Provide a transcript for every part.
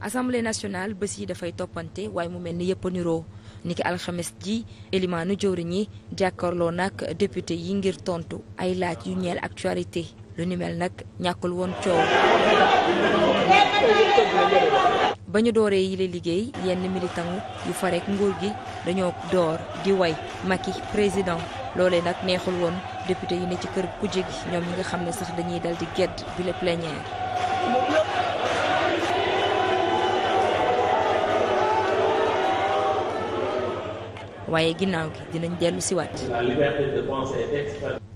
assemblée nationale bés yi dafay toppante waaye mu mel ni yëpp niroo ni ki alxames ji élimaanu jëwriñ yi jàkkarloo nag député yi ngir tontu ay laaj yu ñeel actualité lu ni mel nag ñàkkul woon coow. ba ñu dooree yile liggéey yenn militangu yu farek nguur gi dañoo door di way Macky président loolee nag neexul woon député yi ne ci kër kujje gi ñoom ñi nga xam ne sax dañuy dal di gedd bi la plénière waaye ginnaaw gi dinañ dellu siwaat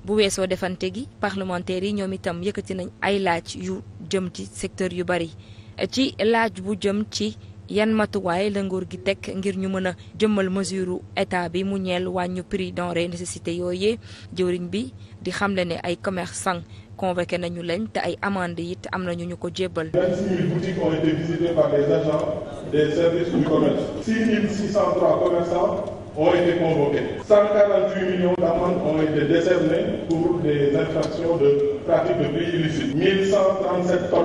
bu weesoo defante gi parlementaires yi ñoom itam yëkkati nañ ay laaj yu jëm ci secteur yu bari ci laaj bu jëm ci yan matuwaay la nguur gi teg ngir ñu mëna jëmal jëmmal mesure bi mu ñeel wàññu prix denrée nécessité yooyee jëwriñ bi di xamle ne ay commerçant convoqué nañu leen te ay amande it am nañu ñu ko jébbal. ont été convoqués. 148 millions d'amendes ont été décernées pour des infractions de trafic de biens illicites. 1137 tonnes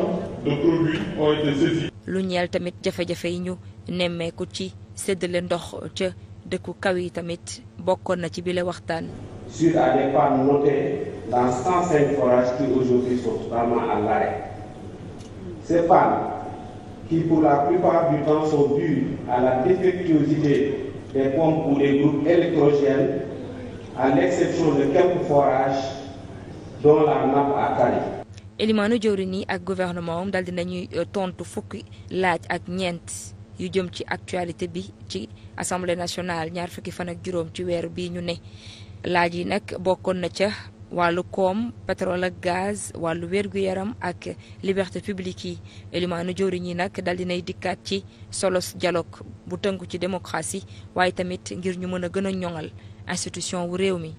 de produits ont été saisies. lu ñeel tamit jafe-jafe yi ñu nemmeeku ci séddale ndox ca dëkku kaw yi tamit bokkoon na ci bile waxtaan. suite à des pannes notées dans 105 forages qui aujourd'hui sont totalement à l'arrêt. Ces pannes qui pour la plupart du temps sont dues à la défectuosité des pompes ou des groupes électrogènes, à de quelques forages dont la nappe a tari. Elimaanu jëwriñ yi ak gouvernement am dal di nañuy euh, tontu fukki laaj ak ñeent yu jëm ci actualité bi ci assemblée nationale ñaar fukki fan ak juróom ci weer bii ñu ne laaj yi nag bokkoon na ca. wàllu koom pétrole ak gaz wàllu wér-gu-yaram ak liberté publique yi élimaanu jëwriñ yi nag dal dinay dikkaat ci solos dialogue bu tënku ci démocratie waaye tamit ngir ñu mën a gën a ñoŋal institution wu réew mi